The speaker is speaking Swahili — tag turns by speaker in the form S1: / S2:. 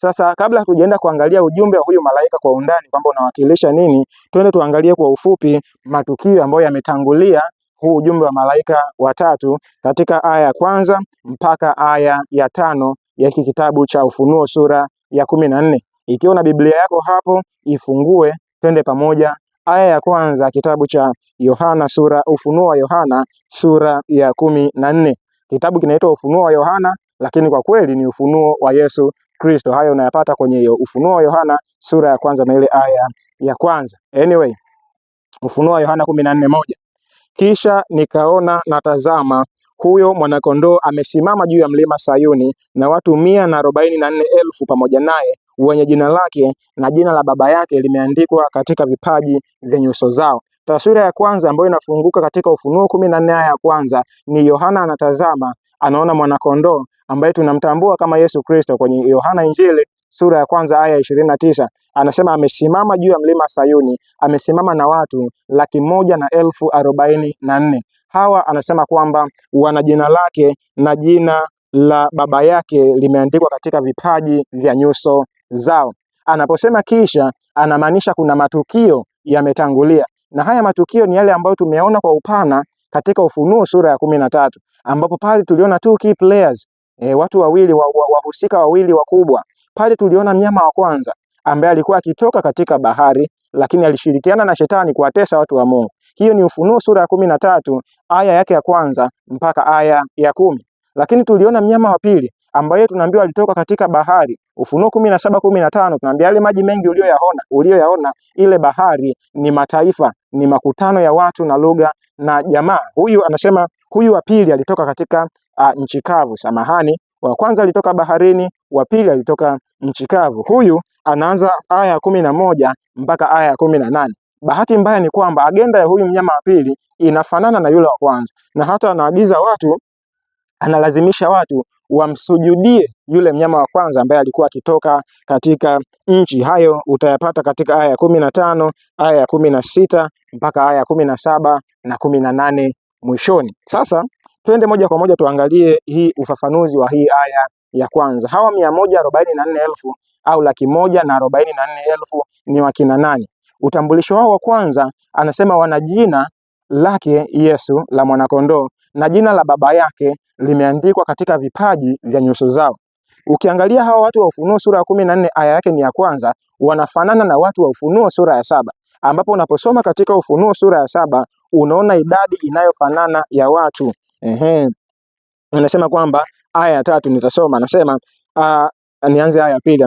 S1: Sasa kabla hatujaenda kuangalia ujumbe wa huyu malaika kwa undani kwamba unawakilisha nini, twende tuangalie kwa ufupi matukio ambayo yametangulia huu ujumbe wa malaika watatu katika aya ya kwanza mpaka aya ya tano ya hiki kitabu cha Ufunuo sura ya kumi na nne. Ikiwa na Biblia yako hapo ifungue, twende pamoja. Aya ya kwanza kitabu cha Yohana sura Ufunuo wa Yohana sura ya kumi na nne. Kitabu kinaitwa Ufunuo wa Yohana, lakini kwa kweli ni ufunuo wa Yesu Kristo. Hayo unayapata kwenye Ufunuo wa Yohana sura ya kwanza na ile aya ya kwanza. Anyway, Ufunuo wa Yohana kumi na nne moja kisha nikaona natazama huyo mwanakondoo amesimama juu ya mlima Sayuni na watu mia na arobaini na nne elfu pamoja naye wenye jina lake na jina la Baba yake limeandikwa katika vipaji vya nyuso zao. Taswira ya kwanza ambayo inafunguka katika Ufunuo kumi na nne aya ya kwanza ni Yohana anatazama anaona mwanakondoo ambaye tunamtambua kama Yesu Kristo kwenye Yohana Injili sura ya kwanza aya ishirini na tisa anasema amesimama juu ya mlima Sayuni, amesimama na watu laki moja na elfu arobaini na nne. Hawa anasema kwamba wana jina lake na jina la baba yake limeandikwa katika vipaji vya nyuso zao. Anaposema kisha, anamaanisha kuna matukio yametangulia, na haya matukio ni yale ambayo tumeona kwa upana katika Ufunuo sura ya kumi na tatu ambapo pale tuliona two key players e, watu wawili wahusika wa, wa wawili wakubwa pale tuliona mnyama wa kwanza ambaye alikuwa akitoka katika bahari lakini alishirikiana na shetani kuwatesa watu wa Mungu. Hiyo ni Ufunuo sura ya kumi na tatu aya yake ya kwanza mpaka aya ya kumi. Lakini tuliona mnyama wa pili ambaye tunaambiwa alitoka katika bahari. Ufunuo kumi na saba kumi na tano tunaambia yale maji mengi uliyoyaona uliyoyaona, ile bahari ni mataifa, ni makutano ya watu na lugha na jamaa. Huyu anasema huyu wa pili alitoka katika uh, nchi kavu. Samahani, wa kwanza alitoka baharini, wa pili alitoka nchi kavu. Huyu anaanza aya ya kumi na moja mpaka aya ya kumi na nane. Bahati mbaya ni kwamba agenda ya huyu mnyama wa pili inafanana na yule wa kwanza, na hata anaagiza watu analazimisha watu wamsujudie yule mnyama wa kwanza ambaye alikuwa akitoka katika nchi. Hayo utayapata katika aya ya kumi na tano aya ya kumi na sita mpaka aya ya kumi na saba na kumi na nane mwishoni. Sasa twende moja kwa moja tuangalie hii ufafanuzi wa hii aya ya kwanza. Hawa mia moja arobaini na nne elfu au laki moja na arobaini na nne elfu ni wakina nani? Utambulisho wao wa kwanza anasema wana jina lake Yesu la mwanakondoo na jina la baba yake limeandikwa katika vipaji vya nyuso zao. Ukiangalia hawa watu wa Ufunuo sura ya kumi na nne aya yake ni ya kwanza, wanafanana na watu wa Ufunuo sura ya saba, ambapo unaposoma katika Ufunuo sura ya saba unaona idadi inayofanana ya watu. Ehe, anasema kwamba aya ya tatu nitasoma, anasema ah, nianze aya ya pili.